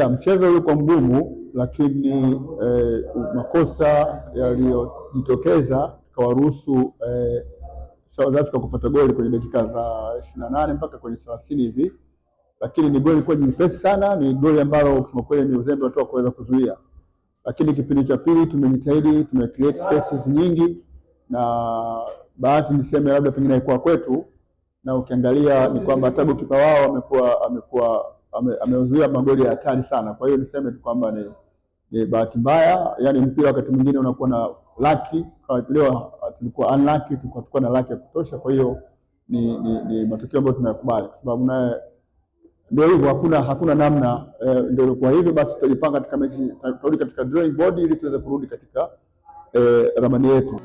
ya mchezo ulikuwa mgumu, lakini eh, makosa yaliyojitokeza kawaruhusu eh, South Africa kupata goli kwenye dakika za ishirini na nane mpaka kwenye thelathini hivi, lakini ni goli ilikuwa nyepesi sana, ni goli ambalo kusema kweli ni uzembe watu kuweza kuzuia. Lakini kipindi cha pili tumejitahidi, tume create spaces nyingi, na bahati niseme labda pengine haikuwa kwetu, na ukiangalia ni kwamba hata kipa wao amekuwa amekuwa amezuia magoli ya hatari sana. Kwa hiyo niseme tu kwamba ni, ni bahati mbaya, yani mpira wakati mwingine unakuwa na kwa Leo tulikuwa unlucky, tulikuwa na laki ya kutosha. Kwa hiyo ni, ni, ni matokeo ambayo tunayakubali kwa sababu naye ndio hivyo, hakuna hakuna namna eh, ndio kwa hivyo basi tutajipanga katika mechi, tutarudi katika drawing board ili tuweze kurudi katika eh, ramani yetu.